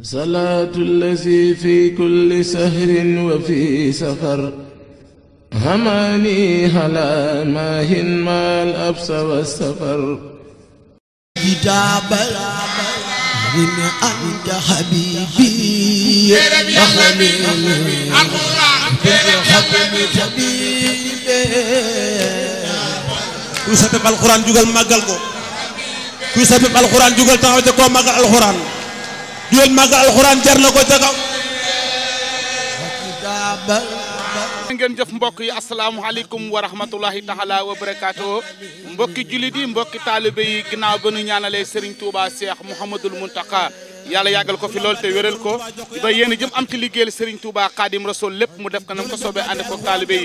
صلاة الذي في كل سهر وفي سفر هماني هلا ماهن ما الأبس والسفر جدابر من أنت حبيبي أخليل بحكم جبيبي kuy sabab alxuraan jugal màggal ko kuy sabab alxuraan jugal taxaw te koo màggal alxuraan duwel màggal alxuraan jar na ko ca kaw ngeen jëf mbokk yi asalaamaaleykum aleykum rahmatulahi taala wa barakaatu mbokki jullit yi mbokki taalibe yi ginnaaw ba nu ñaanalee Serigne Touba Cheikh Mouhamadoul yàlla yàggal ko fi lool te wéral ko ba yéen a jëm am ci liggéeyal Serigne Touba Khadim Rasoul lépp mu def ko na ko soobee ànd ko taalibe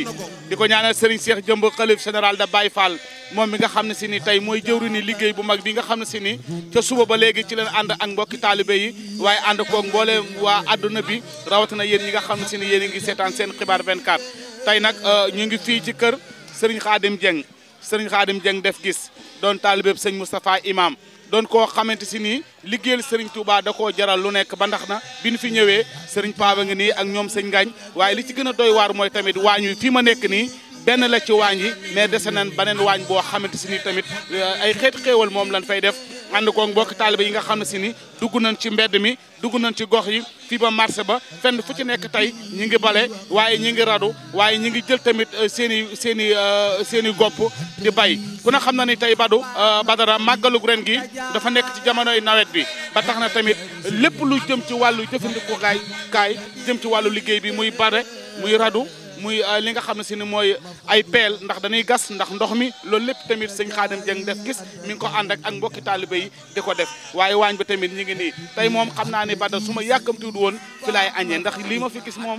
di ko ñaanal Serigne Cheikh Jëmb xalif général da Baye Fall moom mi nga xam ne si ni tey mooy jëwri ni liggéey bu mag bi nga xam ne si ni ca suba ba léegi ci leen ànd ak mbokki taalibe yi waaye ànd koog mboolee waa àdduna bi rawatina yéen ñi nga xam ne si ni yéen a ngi seetaan seen xibaar 24 tey nag euh, ñu ngi fii ci kër Serigne Khadim Dieng Serigne Khadim Dieng gis doon taalibeb sëñ Moustapha Imam doon koo xamante si nii liggéeyal Serigne Touba da koo jaral lu nekk ba ndax na bi ñu fi ñëwee Serigne Paaba nga nii ak ñoom sëñ Ngañ waaye li ci gën a doy waar mooy tamit waañu fii ma nekk nii benn la ci waañ yi mais dese nañ beneen waañ boo xamante si nii tamit euh, ay xeet xéewal moom lañ fay def ànd koog mbokki taaliba yi nga xam ne si ni dugg nañ ci mbedd mi dugg nañ ci gox yi fii ba marché ba fenn fu ci nekk tey ñi ngi bale waaye ñi ngi radu waaye ñi ngi jël tamit euh, seen i seen euh, seen i gopp di bay ku ne xam na ni tey badu euh, badara màggalug ren gi dafa nekk ci jamonoy nawet bi ba tax na tamit lépp lu jëm ci wàllu jëfandikukaay kaay jëm ci wàllu liggéey bi muy bare muy radu muy euh, li nga xam ne si ni mooy ay peel ndax dañuy gas ndax ndox mi loolu lépp tamit sëñ Xaadim Jeng def gis mi ngi ko ànd ak ak mbokki taalibe yi di ko def waaye waañ bi tamit ñi ngi nii tey moom xam naa ni Bada su ma yàkkamtiwut woon fi laay añee ndax lii ma fi gis moom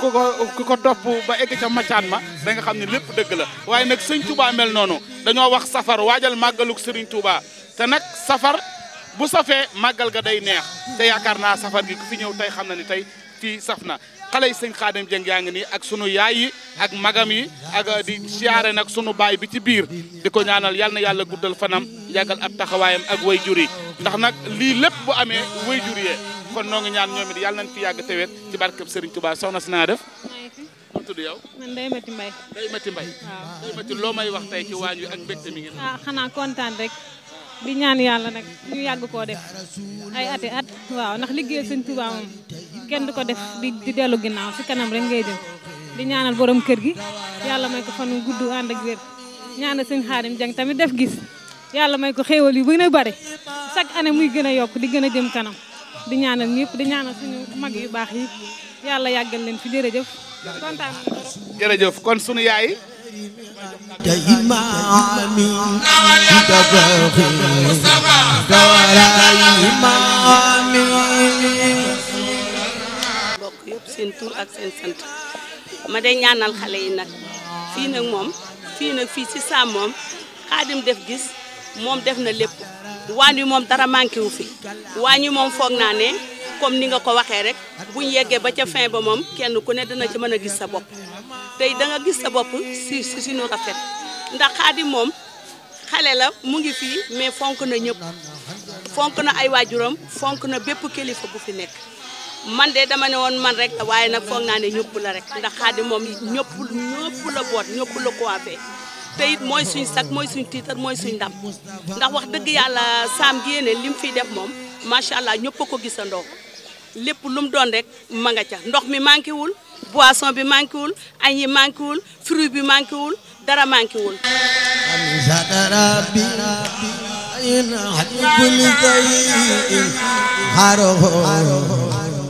ku ko ku ko topp ba egg ca macaan ma da nga xam ne lépp dëgg la waaye nag sëñ Touba mel noonu dañoo wax safar waajal màggaluk sëriñ Touba te nag safar bu safee màggal ga day neex te yaakaar naa safar gi ñëw tey xam na ni tey fii saf na xale yi sëñ xaadim jëng yaa ngi nii ak sunu yaay yi ak magam yi ak uh, di siyaare nag sunu baay bi ci biir di ko ñaanal yal na yàlla guddal fanam yàggal ab taxawaayam ak way jur yi ndax nag lii lépp bu amee way jur yee kon noo ñaan ñoom it yàlla nañ fi yàgg tewet ci barkeb Serigne Touba soxna si naa def mu tudd yow man Ndeye Mati Mbaye Ndeye Mati Mbaye Ndeye Mati loo may wax tey ci waañ wi ak mbégte mi ngi ah xanaa kontaan rek di ñaan yàlla nag ñu yàgg koo def ay ati at waaw ndax liggéeyal sëñ Touba moom kenn du ko def di dellu ginnaaw si kanam rek ngay jëm di ñaanal borom kër gi yàlla may ko fan gudd ànd ak wér ñaanal sëñ Xaadim Jang tamit def gis yàlla may ko xéewal yu gën a bare chaque année muy gën a yokk di gën a jëm kanam di ñaanal ñëpp di ñaanal suñu mag yu baax yi yàlla yàggal leen si jërëjëf kontaan jërëjëf kon sunu yaay te imaami di tabaxi dawara imaami bokk yëpp seen tur ak seen sant ma day ñaanal xale yi nag fii nag moom fii nag fii ci saam moom xaadim def gis moom def na lépp waañ wi moom dara manqué wu fi waañ wi moom foog naa ne comme ni nga ko waxee rek bu ñu yeggee ba ca fin ba moom kenn ku ne dina ci mën a gis sa bopp tey da gis sa bopp si si suñu rafet ndax Xaadim moom xale la mu ngi fi mais fonk na ñëpp fonk na ay waajuram fonk na bépp kilifa bu fi nekk man de dama ne woon man rek waaye nag foog naa ne ñëpp la rek ndax Xaadim moom ñëpp ñëpp la boot ñëpp la coiffé te it mooy suñ sac mooy suñ tiitar mooy suñ ndam ndax wax dëgg yàlla saam gi yéene li mu fiy def moom macha allah ñëpp a ko gisandoo lépp lu mu doon rek ma nga ca ndox mi manqué wul boisson bi manqué wul añ yi manqué wul fruit bi manqué wul dara manqué wul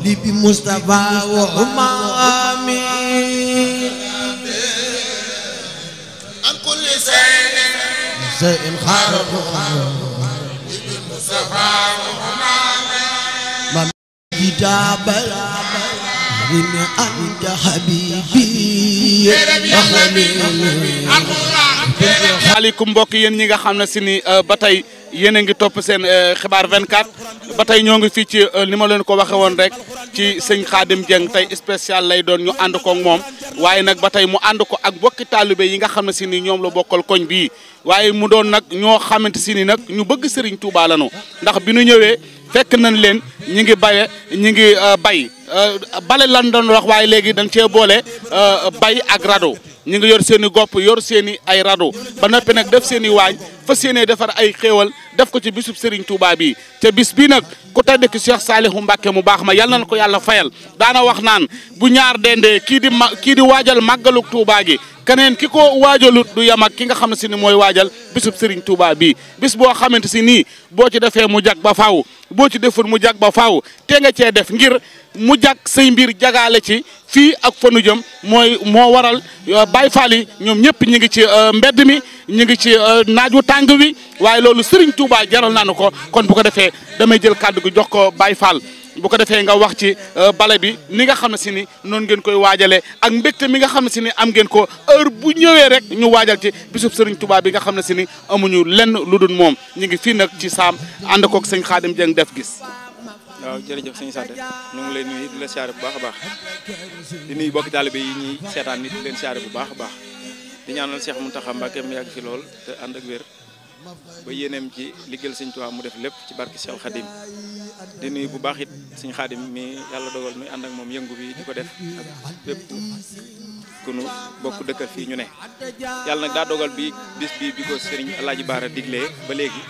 libi Mustafa wa umami an kulli shay'in shay'in جابر من أنت حبيبي waaleykum mbokk yéen ñi nga xam ne si ni euh, ba tey yéen a ngi topp seen euh, xibaar 24 ba tey ñoo ngi fii ci euh, ni ma leen ko waxe woon rek ci sëñ Xaadim Dieng tey spécial lay doon ñu ànd ko ak moom waaye nag ba tey mu ànd ko ak mbokki taalibe yi nga xam ne si ni ñoom la bokkal koñ bii waaye mu doon nag ñoo xamante si ni nag ñu bëgg sëriñ Touba lanu ndax bi nu ñëwee fekk nañ leen ñi ngi baye ñi ngi euh, bay euh, bale lan doon wax waaye léegi dañ cee boole euh, bay ak rado ñi ngi yor seen i gopp yor seeni ay rado ba noppi nag def seen i waañ fas yéene defar ay xéewal def ko ci bisub Serigne Touba bi te bis bi nag ku tedd ki Cheikh Salihu Mbacke mu baax ma yal nañ ko yàlla fayal daana wax naan bu ñaar dendee kii di ma kii di waajal màggalu Touba gi keneen ki ko waajalut du yam ak ki nga xam na si ni mooy waajal bisub Serigne Touba bi bis boo xamante si ni boo ci defee mu jag ba faaw boo ci deful mu jag ba faw te nga cee def ngir mu jag sey mbir jagaale ci fii ak fa jëm mooy moo waral euh, Baye yi ñoom ñëpp ñu ngi ci euh, mbedd mi ñu ngi ci euh, wu tàng wi waaye loolu Serigne Touba jaral naa nu ko kon bu ko defee damay jël kàddu gi jox ko Baye Fall bu ko defee nga wax ci bale bi ni nga xam ne si ni noonu ngeen koy waajalee ak mbégte mi nga xam ne si ni am ngeen ko heure bu ñëwee rek ñu waajal ci bisub Serigne Touba bi nga xam ne si ni amuñu lenn lu dul moom ñu ngi fii nag ci saam ànd koog sëñ Xaadim Dieng def gis. waaw jërëjëf sëñ Sante ñu ngi leen nuyu di la siyaare bu baax a baax di nuyu bokk taalibe yi ñuy seetaan nit di leen siyaare bu baax a baax di ñaanal Cheikh Mountakha Mbacké mu yàgg ci lool te ànd ak wér ba yéeneem ci liggéeyal sëñ Tuubaa mu def lépp ci barke Cheikh Khadim di nuyu bu baax it sëñ Khadim mi yàlla dogal muy ànd ak moom yëngu bi di ko def ak bépp ku nu bokk dëkkal fii ñu ne yàlla nag daa dogal bi bis bi bi ko sëriñ ji Baara diglee ba léegi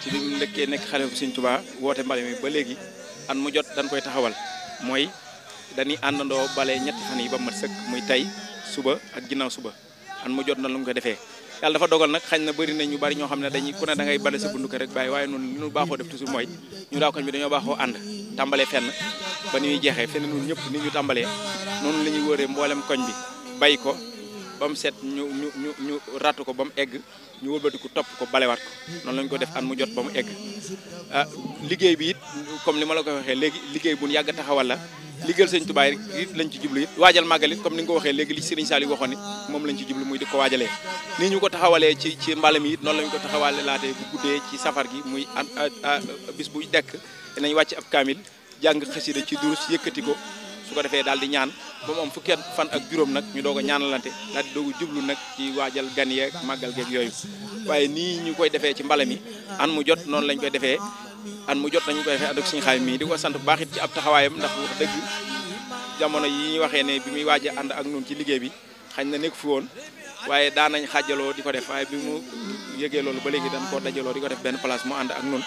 ci li mu nekkee nekk xale bu sëñ Tuubaa an mu jot dañ koy taxawal mooy dañuy àndandoo bale ñett fan yi ba ma sëkk muy tey suba ak ginnaaw suba an mu jot na lu mu ko defee yàlla dafa nag xañ na bëri na ñu bëri ñoo xam ne dañuy ku ne ngay bale sa bundu ko rek bàyyi waaye noonu li ñu baaxoo def toujours mooy ñu daaw koñ bi dañoo baaxoo ànd tàmbalee fenn ñuy jeexee fenn ñun ñëpp ni ñu tàmbalee noonu la ñuy wëree mboolem koñ bi bay ko ba mu set ñu ñu ñu ñu ratt ko ba mu egg ñu ko topp ko balewaat ko noonu lañ ko def an mu jot ba mu egg ah liggéey bi it comme ni ma la ko waxee léegi liggéey bu yàgg taxawal la sëñ Tuubaa it lañ ci jublu waajal màggal it comme ni nga waxee léegi li Sëriñ saali waxoon it moom lañ ci jublu muy di ko waajalee nii ñu ko taxawalee ci ci mbalam yi noonu lañ ko taxawale laatee bu guddee ci safar gi muy am bis bu dekk dinañ wàcc ab kaamil jàng xasida ci durus yëkkati ko su ko defee daal di ñaan ba mu am fukki fan ak juróom nag ñu doog a ñaanalante daal di doog a jublu nag ci waajal gan yeeg màggal geeg yooyu waaye nii ñu koy defee ci mbale mi an mu jot noonu lañ koy defee an mu jot nañu koy defee ànd ak suñu xaay mii di ko sant bu baax it ci ab taxawaayam ndax wax dëgg jamono yi ñuy waxee ne bi muy waaj a ànd ak ñun ci liggéey bi xañ na nekk fi woon waaye daan nañ xaajaloo di ko def waaye bi mu yëgee loolu ba léegi dañ koo dajaloo di ko def benn place mu ànd ak ñun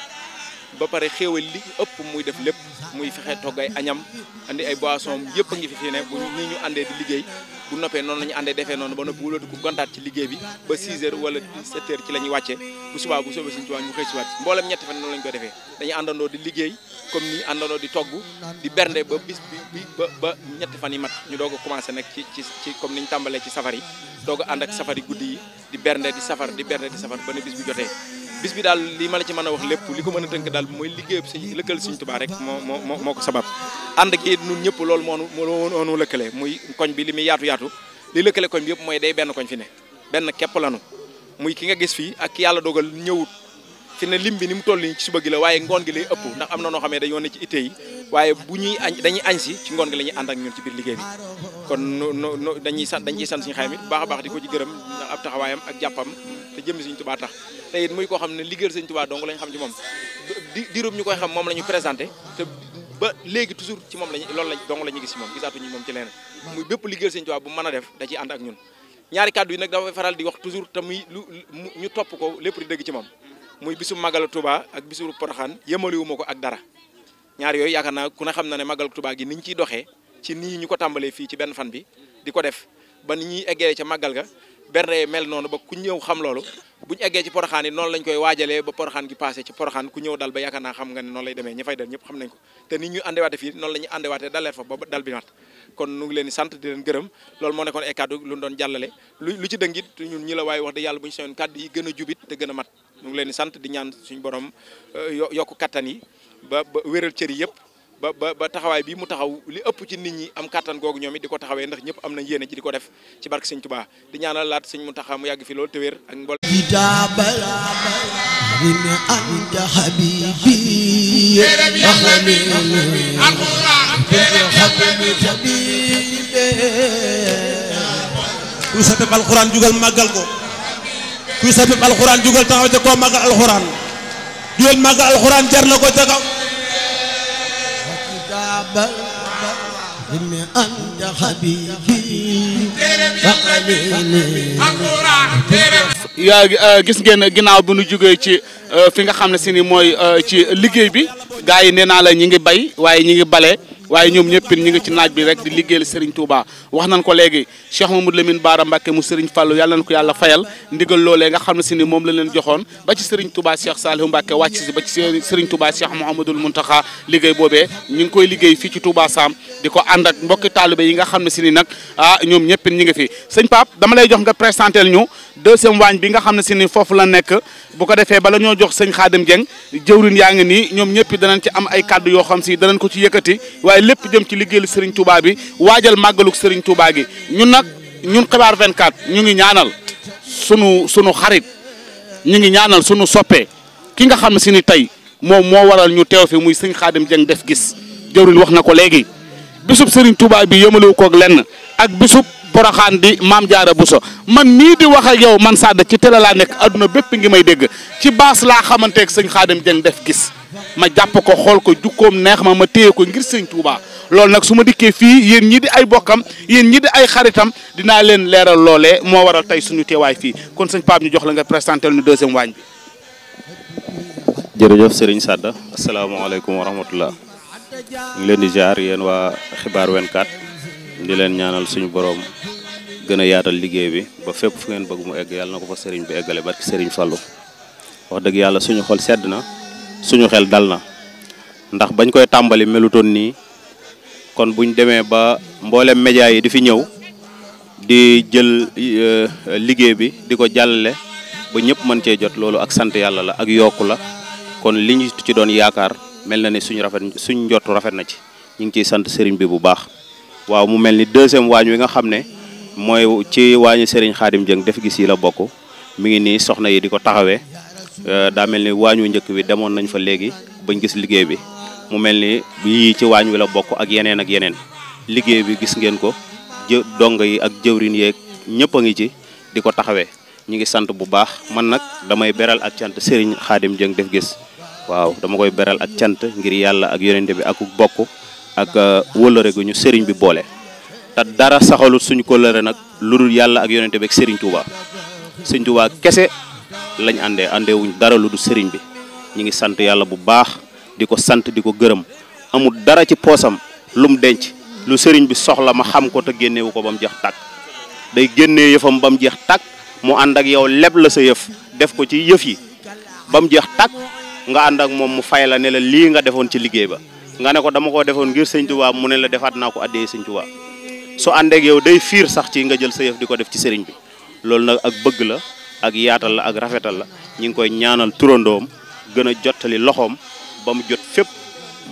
ba pare xéewal li ëpp muy def lépp muy fexe togg ay añam andi ay boisson yëpp a ngi fi fii bu nii ñu àndee di liggéey bu noppee noonu la ñu àndee defee noonu ba noppi wulatu ko gontaat ci liggéey bi ba 6 heures wala 7 heures ci la ñuy wàccee bu subaa bu soobee suñu tubaab ñu xëy si waat mboolem ñetti fan noonu la ko defee dañuy àndandoo di liggéey comme nii àndandoo di togg di bernde ba bis bi ba ba ñetti fan yi mat ñu doog a commencé nag ci ci ci comme ni ñu tàmbalee ci safar yi doog ak safari guddi yi di bernde di safar di bernde di safar ba ne bis bu jotee bis bi daal li ma la ci mën a wax lépp li ko mën a tënk daal mooy liggéeyub suñu lëkkal suñu Tuubaa rek moo moo moo ko sabab ànd ak it ñun ñëpp loolu moo moonu lëkkale muy koñ bi li muy yaatu yaatu li lëkkale koñ bi yëpp mooy day benn koñ fi ne benn képp lanu muy ki nga gis fii ak ki yàlla dogal ñëwut fi ne lim bi ni mu toll nii ci suba gi la waaye ngoon gi lay ëpp ndax am na noo xam ne dañoo ne ci itte waaye bu ñuy añ dañuy añ si ci ngoon gi la ñuy ànd ak ñun ci biir liggéey bi kon no dañuy sant dañ sant suñu xayma baax a di ko ci gërëm ndax ab taxawaayam ak jàppam te jëmmi Sëñ Tuubaa tax te it muy koo xam ne liggéeyal Sëñ Tuubaa dong lañ xam ci moom di diirub ñu koy xam moom la ñu présenté te ba léegi toujours ci moom lañu loolu la dong la ñu gis ci moom ñu moom ci leneen muy bépp liggéeyal Sëñ Tuubaa bu mën a def da ciy ànd ñun ñaari kàddu yi nag dafa faral di wax toujours te muy ñu topp ko lépp dëgg ci moom muy bisu Magalu Touba ak bisu Poroxaan yëmaliwu ma ko ak dara ñaar yooyu yaakaar naa ku ne xam na ne magal tubaa gi niñ ciy doxee ci nii ñu ko tàmbalee fii ci benn fan bi di ko def ba ni ñuy eggee ca màggal ga bernde mel noonu ba ku ñëw xam loolu bu ñu eggee ci poroxaan yi noonu lañ koy waajalee ba poroxaan gi passé ci poroxaan ku ñëw dal ba yaakaar naa xam nga ne noonu lay demee ña dal ñëpp xam nañ ko te ni ñu àndewaate fii noonu la ñuy àndewaate daleet lu ñu doon jàllale lu lu ci dëngit ñun a jubit te a mat ñu ngi leen di sant di ñaan suñu borom euh, yokk kattan yi ba wéral cër yi yëpp ba ba taxawaay bi mu taxaw li ëpp ci nit ñi am kattan googu ñoom it di ko taxawee ndax ñëpp am nañ yéene ci di ko def ci barke Sëñ Tuubaa di ñaanal laat mu Muntaxa mu yàgg fi loolu te wér ak mbol ku sa def alxuraan jugal màggal ko kuy sabib alxuraan jugal taxaw ca kaw màggal alxuraan jugal màggal alxuraan jar na ko ca kaw إن أنت euh, gis ngeen ginnaaw bi nu jógee ci euh, fi nga xam ne si ni mooy euh, ci liggéey bi gars yi nee naa la ñi ngi bay waaye ñi ngi bale waaye ñoom ñëpp ñu ngi ci naaj bi rek di liggéeyal Serigne Touba wax nañ ko léegi Cheikh Mamadou Lamine Bara Mbacké mu Serigne Fallou yàlla nañ ko yàlla fayal ndigal loolee nga xam ne si ni moom la leen joxoon ba ci Serigne Touba Cheikh Saliou Mbacké wàcc si ba ci Serigne Touba Cheikh Mouhamadoul Mountakha liggéey boobee ñu ngi koy liggéey fii ci Touba Sam di ko ànd ak mbokki taalibe yi nga xam ne si ni nag ah ñoom ñëpp ñu ngi fi sëñ Pape dama lay jox nga présenté ñu deuxième waañ bi nga xam ne si ni foofu la nekk bu ko defee bala ñoo jox sëñ Khadim Dieng jëwrin yaa ngi nii ñoom ñëpp danañ ci am ay kàddu yoo xam si danañ ko ci yëkkati waaye lépp jëm ci liggéeyal Serigne Touba bi waajal màggaluk Serigne Touba gi ñun nag ñun xibaar 24 ñu ngi ñaanal sunu sunu xarit ñu ngi ñaanal sunu soppee ki nga xam ne si ni tey moom moo waral ñu teew fi muy sëñ Xaadim Jeng def gis jëwriñ wax na ko léegi bisub Serigne Touba bi yëmalewu kook lenn ak bisub Poroxaan di Maam Jaara so man nii di wax ak yow man Sadda ci télé laa nekk àdduna bépp ngi may dégg ci baas laa xamanteeg sëñ Xaadim Jeng def gis ma jàpp ko xool ko jukkoom neex ma ma téye ko ngir sëñ Touba lool nag su ma dikkee fii yéen ñi di ay bokkam yéen ñi di ay xaritam dinaa leen leeral loole moo waral tey suñu teewaay fii kon sëñ Pape ñu jox la nga présenté nu deuxième waañ bi. jërëjëf Serigne Sadda asalaamaaleykum wa rahmatullah ñu ngi leen di jaar yéen waa xibaar 24 di leen ñaanal suñu boroom gën a yaatal liggéey bi ba fépp fu ngeen bëgg mu egg yàlla na ko fa Serigne bi eggale barki Serigne Fallou dëgg yàlla suñu xol sedd na. suñu xel dal na ndax bañ koy tàmbali melutoon nii kon buñ demee ba mboolem média yi di fi ñëw di jël euh, liggéey bi di ko jàllale ba ñëpp mën cee jot loolu ak sant yàlla la ak yokku la kon li ñu ci doon yaakaar mel na ni suñu rafet suñ njott rafet na ci ñu ngi ciy sant sëriñ bi bu baax waaw mu mel ni deuxième waañ wi nga xam ne mooy ci waañu seriñ Xaadim Jëng def gis yi la bokk mi ngi nii soxna yi di ko taxawee Euh, daa mel ni waañ waañu njëkk bi demoon nañ fa léegi bañ gis liggéey bi mu mel ni yii ci waañ wi la bokk ak yeneen ak yeneen liggéey bi gis ngeen ko jë dong yi ak jëwrin yeeg ñëpp a ngi ci di ko taxawee ñu ngi sant bu baax man nag damay beral ak cant sëriñ Khadim Dieng def gis waaw dama koy beral ak cant ngir yàlla ak yonente bi ak bokk ak euh, wëllëre gu ñu Serigne bi boole te dara saxalut ko kóllëre nag lu dul yàlla ak yonente bi ak Serigne Touba Serigne Touba kese. lañ àndee àndeewuñ dara lu du sëriñ bi ñu ngi sant yàlla bu baax di ko sant di ko gërëm amul dara ci poosam lu mu denc lu sëriñ bi soxla ma xam ko te génnewu ko ba mu jeex tàkk day génnee yëfam ba mu jeex tàkk mu ànd ak yow leb la sa yëf def ko ci yëf yi ba mu jeex takk nga ànd ak moom mu fay la ne la lii nga defoon ci liggéey ba nga ne ko dama koo defoon ngir sëñ mu ne la defaat naa ko addee sëñ Tuubaa su àndeek yow day fiir sax ci nga jël sa yëf di ko def ci sëriñ bi loolu nag ak yaatal la ak rafetal la ñi ngi koy ñaanal turandoom gën a jottali loxoom ba mu jot fépp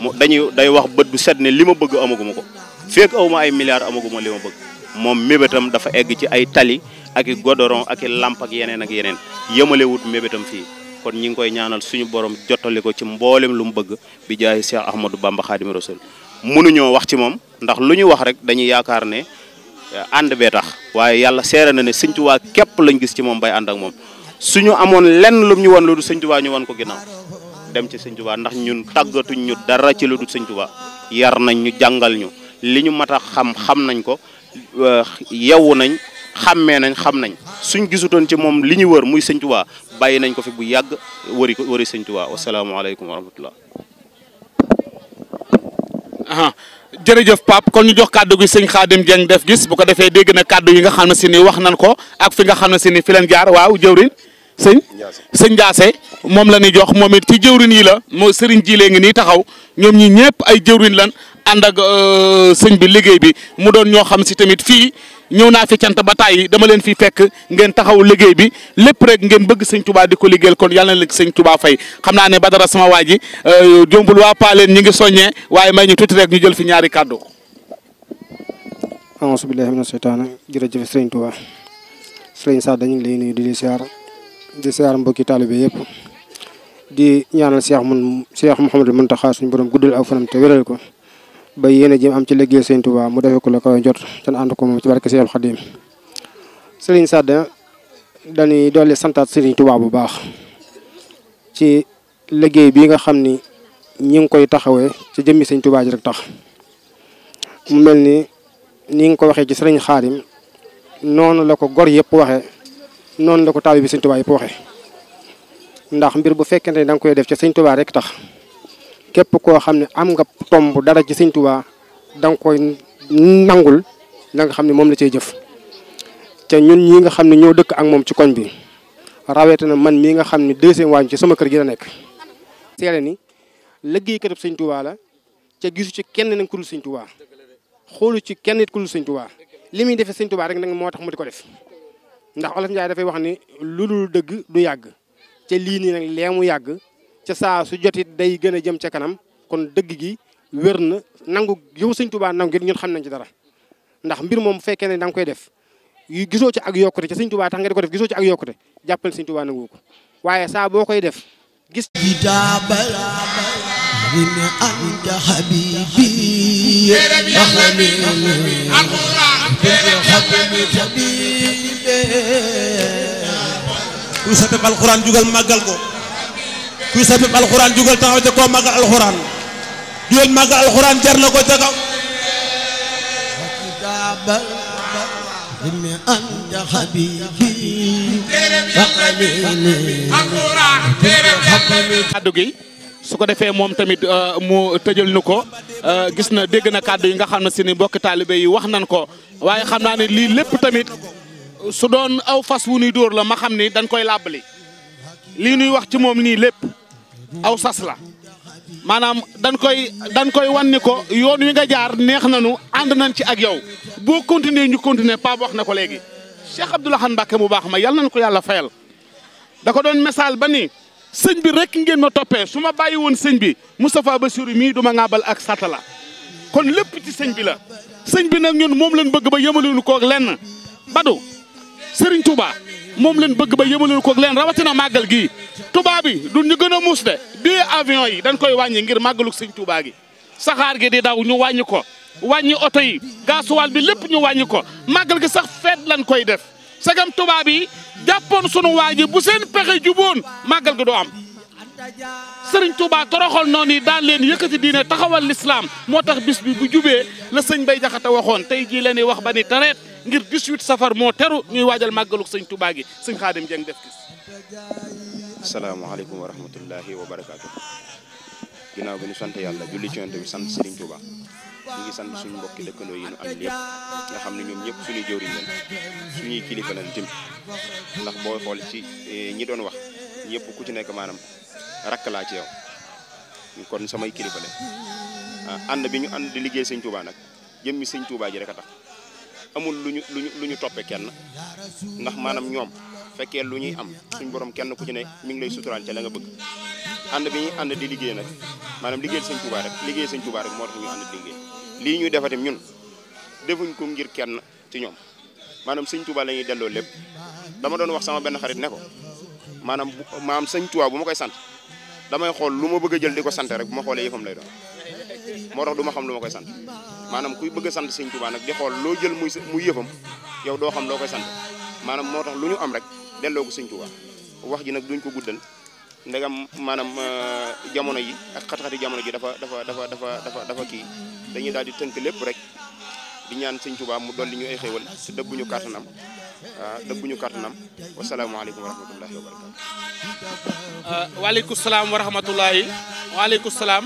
mu dañuy day wax bët bu set ne li ma bëgg amaguma ko feek awma ay milliards amaguma li ma bëgg moom mébétam dafa egg ci ay tali ak i godoron ak làmp ak yeneen ak yeneen yemalewut mébétam fii kon ñi ngi koy ñaanal suñu borom jottali ko ci mbooleem lu mu bëgg bi jaayi Cheikh Ahmadou Bamba Xaadimu Rasul mënuñoo wax ci moom ndax lu ñu wax rek dañuy yaakaar ne Eh, ànd bee tax waaye yàlla seere na ne sëñ Tuubaa képp lañ gis ci moom bay ànd ak moom ñu amoon lenn lum ñu wan lu du sëñ ñu wan ko ginnaaw dem ci sëñ ndax ñun tàggatuñ ñu dara ci lu du sëñ yar nañ ñu jàngal ñu li ñu mat a xam xam nañ ko eh, yewu nañ xàmmee nañ xam nañ suñ gisutoon ci moom li ñuy wër muy sëñ bàyyi nañ ko fi bu yàgg wëri ko wëri sëñ Tuubaa wasalaamaaleykum wa rahmatullah jërëjëf Pape kon ñu jox kàddu gi sëñ dem Dieng def gis bu ko defee dégg na kàddu yi nga xam ne si ni wax nan ko ak fi nga xam ne si ni fi leen jaar waaw jëwrin sëñ sëñ Ndiasse moom la ñuy jox moom it ci jëwrin yi la moo sëriñ ji lee ngi nii taxaw ñoom ñi ñëpp ay jëwrin lan ànd ak euh, sëñ bi liggéey bi mu doon ñoo xam si tamit fii ñëw naa fi cant ba tàyyi dama leen fi fekk ngeen taxaw liggéey bi lépp rek ngeen bëgg sëñ tubaa di ko liggéeyal kon yàlla na leen sëñ Touba fay xam naa ba dara sama waa ji euh, jombul waa Paaleen ñi ngi soññee waaye may ñu tuuti rek ñu jël fi ñaari kàddu. aùzu billaahi mina sëñ Touba sëñ Saad dañu ngi lay nuyu di di siyaar di siyaar mbokki taalibe yëpp di ñaanal Cheikh mun Cheikh Mouhamadou suñu borom guddal aw fanam te wéral ko. ba yéene jëm am ci liggéey Sëriñ Tuubaa mu defee ko la koy jot te ànd ko moom ci barke Seexul Xadiim Sëriñ Sada dañuy dolli santaat Sëriñ Tuubaa bu baax ci liggéey bi nga xam ni ñi ngi koy taxawee ci jëmmi Sëriñ ji rek tax mu mel ni ni nga ko waxee ci Sëriñ Xaadim noonu la ko gor yëpp waxe noonu la ko taalibe bi Sëriñ Tuubaa yëpp ndax mbir bu fekkente ne da koy def ci Sëriñ Tuubaa rek tax képp koo xam ne am nga tomb dara ci sëñ Tuubaa da koy nangul nanga xam ne moom la cay jëf te ñun ñi nga xam ne ñoo dëkk ak moom ci koñ bi rawatina man mii nga xam ne deuxième waañ ci sama kër gi la nekk seere ni liggéeykatu sëñ Tuubaa la ca gisu ci kenn nag ku sëñ Tuubaa xoolu ci kenn nit ku sëñ Tuubaa li muy defee sëñ Tuubaa rek nag moo tax mu di ko def ndax Olof Njaay dafay wax ni lu dul dëgg du yàgg te lii nii nag lee mu yàgg ca saa su jotit day gën a jëm ca kanam kon dëgg gi wér na nangu yow sëñ Tuubaa nangu ñun xam nañ ci dara ndax mbir moom fekkee ne da koy def gisoo ci ak yokkute ca sëñ Tuubaa tax ko def gisoo ci ak yokkute jàppal sëñ Tuubaa nangu ko waaye saa boo koy def gis من أنت حبيبي أخلي القرآن حبيبي وسط القرآن جوجل ما قالكم a sabib alxuraan jugal taxaw ca kaw màggal alxuraan jugal màggal alxuraan jar na ko ca kaw إني kaddu gi su ko defee moom tamit euh, mu tëjal nu ko euh, gis na dégg na kaddu yi nga xam ne si ni mbokki taalibe yi wax nan ko waaye xam naa ne lii lépp tamit su doon aw fas wu nuy dóor la ma xam ni dañ koy làbbali lii nuy wax ci moom nii lépp aw sas la maanaam dañ koy dañ koy wan ko yoon wi nga jaar neex na nañu ànd nañ ci ak yow boo continuer ñu continuer Pape wax na ko léegi Cheikh Abdou Lahad Mbacké bu baax ma yal nañ ko yàlla fayal da ko doon misaal ba ni sëñ bi rek ngeen ma toppee su ma bàyyi woon sëñ bi Moustapha Bassirou mii du ma ŋaabal ak satala kon lépp ci sëñ bi la sëñ bi nag ñun moom lañ bëgg ba yëmaluñu koog lenn badu Serigne Touba moom leen bëgg ba yëmalul ko leen rawatina màggal gi tubaab yi du ñu gën a muus de bii avion yi dañ koy wàññi ngir màggaluk Serigne tubaa gi saxaar gi di daw ñu wàññi ko wàññi oto yi gaasuwaal bi lépp ñu wàññi ko màggal gi sax feet lañ koy def sagam tubaab yi jàppoon sunu waa ji bu seen pexe juboon màggal gi du am sëriñ Touba toroxal noonu yi daan leen yëkkati diine taxawal lislaam moo tax bis bi bu jubee la sëñ Bay Jaxate waxoon tey jii leen di wax ba ni tareet ngir 18 safar moo teru ñuy waajal màggalu sañ Touba gi sëñ Xaadim Dieng def gis. asalaamaaleykum wa rahmatullahi wa barakaatu. bi ñu sant yàlla julli ci yonent bi sant Serigne Touba ngi sant suñu mbokki dëkkandoo yi ñu am yëpp nga xam ne ñoom ñëpp suñuy jëwriñ leen suñuy kilifa leen ndax booy xool ci eh, ñi doon wax ñëpp ku ci nekk maanaam rakk laa ci yow kon samay kilifa leen ah, ànd bi ñu ànd di liggéey sëñ Touba nag jëmmi sëñ Touba ji rek a tax. amul lu ñu lu ñu lu ñu toppee kenn ndax maanaam ñoom fekkee lu ñuy am suñ borom kenn ku ci ne mi ngi lay suturaal ca la nga bëgg ànd bi ñuy ànd di liggéey nag maanaam liggéeyal sëñ Tuubaa rek liggéey sañ Tuubaa rek moo tax ñu ànd di liggéey lii ñuy defatim ñun defuñ ko ngir kenn ci ñoom maanaam sëñ Tuubaa la ñuy delloo lépp dama doon wax sama benn xarit ne ko maanaam maam sëñ Tuubaa bu ma koy sant damay xool lu ma bëgg jël di ko sant rek bu ma xoolee yëfam lay doon moo tax ma xam lu ma koy sant maanaam kuy bëgg sant sëñ Tuubaa nag di xool loo jël muy muy yëfam yow doo xam loo koy sant maanaam moo tax lu ñu am rek delloo ko sëñ Tuubaa wax ji nag duñ ko guddal ndegam maanaam euh, jamono yi ak xat-xati jamono ji dafa dafa dafa dafa dafa dafa kii dañuy daal di tënk lépp rek di ñaan sëñ Tuubaa mu dolli ñu ay xéewal te dëbbuñu kàttanam waaw ah, dëbbuñu kàttanam wasalaamaaleykum wa rahmatullahi wa barakaatu. Euh, salaam wa rahmatullahi waaleykum salaam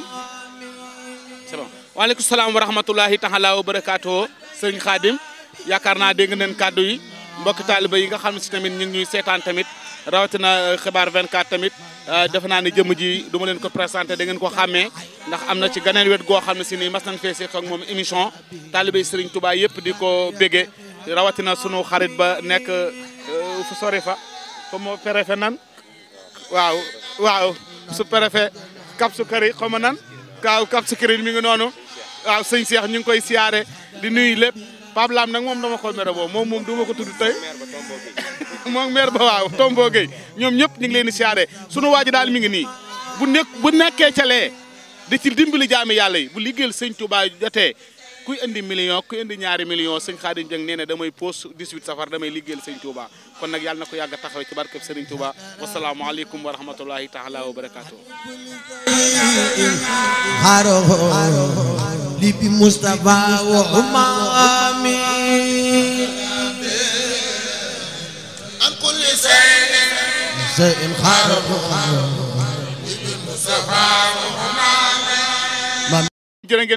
c'est waaleykum salaam wa rahmatulahi taala wa barakaatu sëriñ Xaadim yaakaar naa dégg nañ kàddu yi mbokki taaliba yi nga xam si tamit ñu ngi ñuy seetaan tamit rawatina euh, xibaar 24 tamit euh, defe naa ne jëmm ji duma leen ko présenté da ngeen ko xàmmee ndax am na ci ganeen wet goo xam ne si nii mas nañ fee seq ak moom émission taaliba yi sëriñ Tuubaa yëpp di ko bége rawatina sunu xarit ba nekk euh, fu sori fa comme moo préfet nan waaw waaw su préfet kap su këri xaw ma nan kaaw kap këri mi ngi noonu waaw sëñ Cheikh ñu ngi koy siyaare di nuyu lépp Pape Lam nag moom dama ko mere boobu moom moom du ma ko tudd tey moom maire ba waaw Tombo Gueye ñoom ñëpp ñu ngi leen di siyaare sunu waa ji daal mi ngi nii bu nekk bu nekkee ca di ci dimbali jaami yàlla yi bu liggéeyal sëñ Touba jotee kuy indi million kuy indi ñaari million sëñ Khadim Dieng nee na damay pause 18 safar damay liggéeyal sëñ Touba kon nag yàlla na ko yàgg a taxawee ci barkeb Serigne Touba wasalaamualeykum wa rahmatulahi taala wa li bi ngeen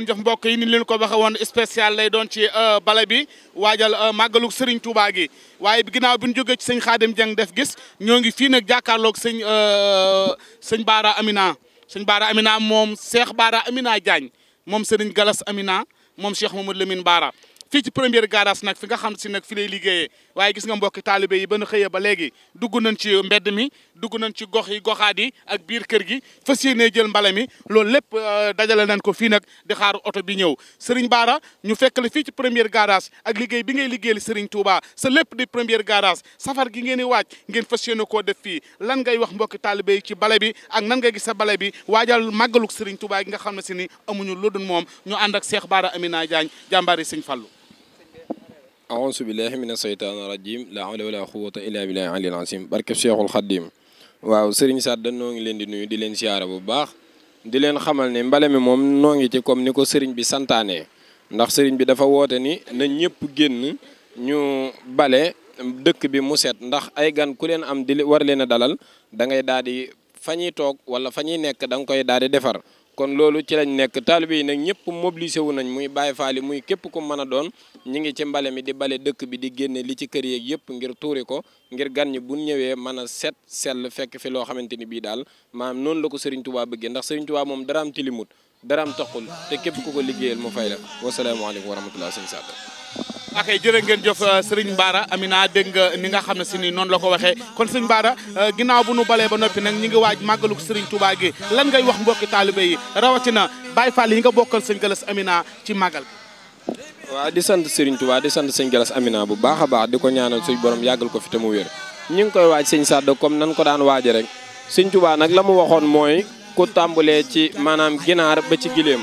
jox mbokk yi ni leen ko waxe woon spécial lay doon ci euh, bale bi waajal euh, màggalug Serigne Touba gi waaye ginnaaw bi ñu jógee ci sëñ Khadim Dieng def gis ñoo ngi fii nag jàkkaarloog sëñ euh, sëñ Baara Amina sëñ Baara Amina moom Cheikh Baara Amina Diagne moom Serigne Galas Amina moom Cheikh Mamadou Lamine Baara fii ci première garage nag fi nga xam si nag fi lay liggéeyee waaye gis nga mbokki taalibe yi ba na xëyee ba léegi dugg nañ ci mbedd mi dugg nañ ci gox yi goxaat yi ak biir kër gi fas yéenee jël mbala mi loolu lépp euh, dajale nan ko fii nag di xaar oto bi ñëw sëriñ baara ñu fekk la fii ci première garage ak liggéey bi ngay liggéeyal Serigne Touba sa lépp di première garage safar gi ngeen di waaj ngeen fas yéene koo def fii lan ngay wax mbokki taalibe yi ci bale bi ak nan gis sa bale bi waajal màggaluk Serigne Touba gi nga xam ne si ni amuñu lu dul moom ñu ànd ak Cheikh Bara Amina Diagne jàmbaari Serigne Fallou aousu billahi mina seytaani rajim la hawla wala quwwata illa billahi alil azim barke Cheikhul Khadim waaw sëriñ Saat da noo ngi leen di nuyu di leen siyaara bu baax di leen xamal ne mbale mi moom noo ngi ci comme ni ko Serigne bi santaane ndax Serigne bi dafa woote ni na ñëpp génn ñu bale dëkk bi mu set ndax ay gan ku leen am di war leen a dalal dangay ngay daal di fa ñuy toog wala fa ñuy nekk da nga koy daal di defar kon loolu ci lañ nekk taalibe yi nag ñëpp mobilisé wu nañ muy Baay Faal yi muy képp ku mën a doon ñi ngi ci mbale mi di bale dëkk bi di génne li ci kër yeeg yëpp ngir tuuri ko ngir gan ñi bu ñëwee mën a set sell fekk fi loo xamante ni bii daal maanaam noonu la ko Sëriñ Tuubaa bëggee ndax Sëriñ Tuubaa moom daraam tilimut daraam taxul te képp ku ko liggéeyal mu fay la wasalaamaaleykum wa rahmatulah sëñ Sàkk ak jërë ngeen jëf euh, Serigne Bara Amina dégg nga ni nga xam ne ni noonu la ko waxee kon Serigne Bara euh, ginnaaw bu nu balee ba noppi nag ñi ngi waaj màggaluk Serigne Touba gi lan ngay wax mbokki taalibe yi rawatina Baye Fall yi nga bokkal sëñ Galas Amina ci màggal waaw di sant Serigne Touba di sant sëñ Galas Amina bu baax a baax di ko ñaanal suñ borom yàggal ko fi te mu wér ñu ngi koy waaj sëñ Sadda comme nan ko daan waaje rek sëñ Touba nag la mu waxoon mooy ku tàmbalee ci maanaam ginaar ba ci gileem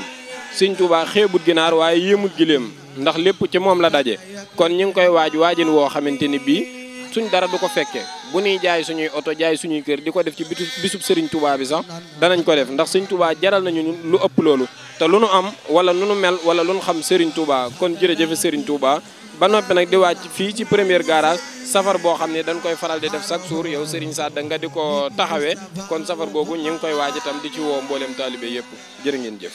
sëñ Touba xeebut ginaar waaye yéemut gileem ndax lépp ci moom la daje kon ñu ngi koy waaj waajin woo xamante ni bii suñ dara du ko fekkee bu ñuy jaay suñuy oto jaay suñuy kër di ko def ci bitu bisub sëriñ Touba bi sax danañ ko def ndax sëriñ Touba jaral nañu lu ëpp loolu te lu nu am wala lu nu mel wala lu nu xam sëriñ Touba kon jërëjëfe sëriñ Touba ba noppi nag di wàcc fii ci première garage safar boo xam ne dañ koy faral di def chaque jour yow sëriñ Saad da nga di ko taxawee kon safar googu ñu ngi koy waaj itam di ci woo mboolem taalibe yëpp jërë jëf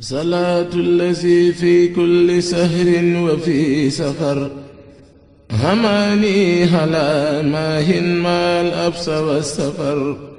صلاة الذي في كل سهر وفي سفر هماني هلا ماهن ما الأبس والسفر